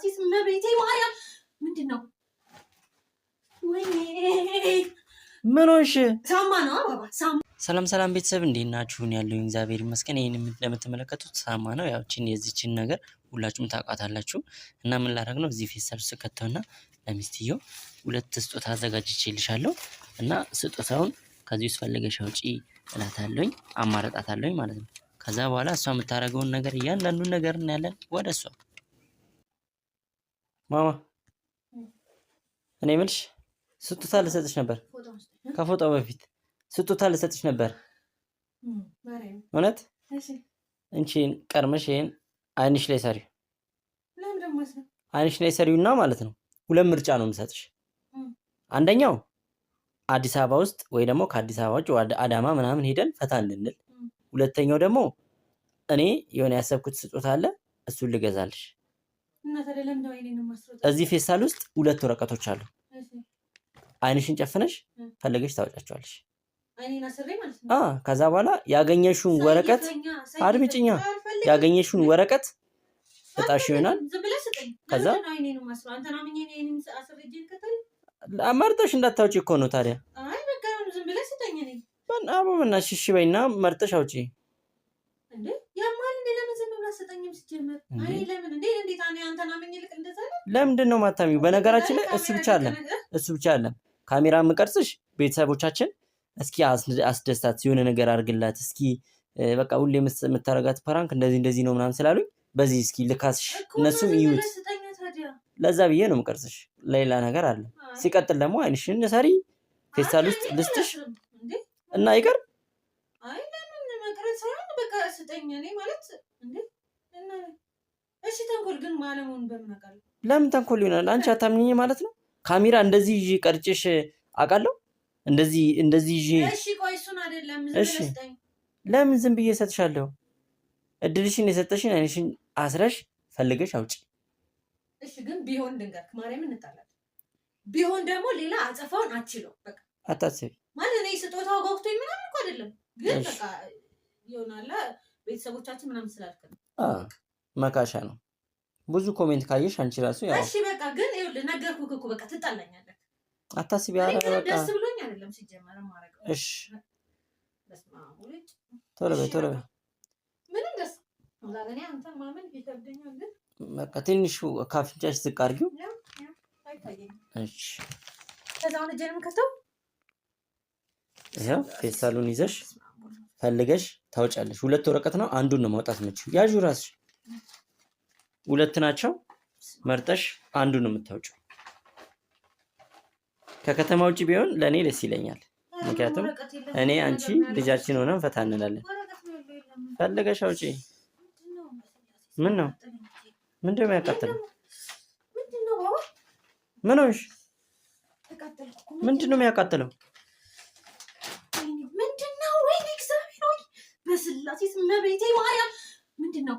አርቲስት መቤቴ ማርያም ምንድን ነው? ምን ሆንሽ? ሳማ ነው አባባ ሰላም ሰላም ቤተሰብ እንዴት ያለው እግዚአብሔር ይመስገን። ይህን ለምትመለከቱት ሳማ ነው። ያችን የዚችን ነገር ሁላችሁም ታውቃታላችሁ። እና ምን ላደርግ ነው እዚህ ፌስታል ውስጥ ከተውና ለሚስትየው ሁለት ስጦታ አዘጋጅቼልሻለሁ እና ስጦታውን ከዚህ ውስጥ ፈልገሽ አውጪ እላታለሁኝ፣ አማርጣታለሁኝ ማለት ነው። ከዛ በኋላ እሷ የምታደርገውን ነገር እያንዳንዱን ነገር እናያለን። ወደ እሷ ማማ እኔ ምልሽ ስጦታ ልሰጥሽ ነበር። ከፎጣ በፊት ስጦታ ልሰጥሽ ነበር። እውነት እንቺን ቀርመሽ ይሄን አይንሽ ላይ ሰሪው አይንሽ ላይ ሰሪውና ማለት ነው። ሁለት ምርጫ ነው የምሰጥሽ። አንደኛው አዲስ አበባ ውስጥ ወይ ደግሞ ከአዲስ አበባ ውጭ አዳማ ምናምን ሄደን ፈታ እንድንል፣ ሁለተኛው ደግሞ እኔ የሆነ ያሰብኩት ስጦታ አለ እሱን ልገዛልሽ እዚህ ፌስታል ውስጥ ሁለት ወረቀቶች አሉ። አይንሽን ጨፍነሽ ፈለገሽ ታወጫቸዋለሽ። ከዛ በኋላ ያገኘሽውን ወረቀት አድምጭኛ፣ ያገኘሽውን ወረቀት እጣሽ ይሆናል። ከዛ መርጠሽ እንዳታውጪ እኮ ነው ታዲያ። በእናትሽ እሺ በይና መርጠሽ አውጪ። ለምንድን ነው ማታሚው? በነገራችን ላይ እሱ ብቻ አለም እሱ ብቻ አለም ካሜራ የምቀርጽሽ ቤተሰቦቻችን እስኪ አስደስታት የሆነ ነገር አድርግላት እስኪ በቃ ሁሌ የምታረጋት ፓራንክ እንደዚህ እንደዚህ ነው ምናምን ስላሉኝ በዚህ እስኪ ልካስሽ እነሱም ይዩት። ለዛ ብዬ ነው ምቀርጽሽ። ሌላ ነገር አለ። ሲቀጥል ደግሞ አይንሽን ሰሪ ፌስታል ውስጥ ልስጥሽ እና ይቀር ተንኮል ግን ማለሙን በምን ለምን ተንኮል ይሆናል? አንቺ አታምኚኝ ማለት ነው። ካሜራ እንደዚህ ይዤ ቀርጭሽ አውቃለሁ? እንደዚህ እንደዚህ ይዤ። እሺ ቆይ እሱን አይደለም። እሺ ለምን ዝም ብዬ እሰጥሻለሁ? እድልሽን የሰጠሽን አይንሽን አስረሽ ፈልገሽ አውጪ። እሺ ግን ቢሆን ድንገት ማርያም እንጣላለን። ቢሆን ደግሞ ሌላ አጸፋውን አችለው በቃ አታስቢ። ማለት እኔ ስጦታው ጎብቶኝ ምናምን እኮ አይደለም፣ ግን በቃ ይሆናል ቤተሰቦቻችን ምናምን ስላልክ ነው መካሻ ነው። ብዙ ኮሜንት ካየሽ አንቺ ራሱ ያው እሺ፣ በቃ ግን ይኸውልህ ነገርኩህ እኮ በቃ ትጣላኛለህ። አታስቢ። ኧረ በቃ ደስ ብሎኝ አይደለም ሲጀመር ማረቀው። እሺ፣ ቶሎ በይ ቶሎ በይ። ምንም ደስ ላገኔ አንተ ማመን ይከብደኛል። ግን በቃ ትንሽ ካፍንጫሽ ዝቅ አድርጊው። እሺ፣ ከዛውን እጄንም ከተው ይኸው ፌስታሉን ይዘሽ ፈልገሽ ታውጫለሽ። ሁለት ወረቀት ነው፣ አንዱን ነው ማውጣት የምችው። ያዥው ራስሽ ሁለት ናቸው። መርጠሽ አንዱን የምታውጭው ከከተማ ውጭ ቢሆን ለእኔ ደስ ይለኛል። ምክንያቱም እኔ አንቺ ልጃችን ሆነን ፈታ እንላለን። ፈለገሽ አውጪ። ምን ነው ምንድን ነው ያቃጥለው? ምን ሆንሽ? ምንድን ነው የሚያቃጥለው? ምንድን ነው? ወይኔ እግዚአብሔር ሆይ በስላሴ ስመ ማርያም ምንድን ነው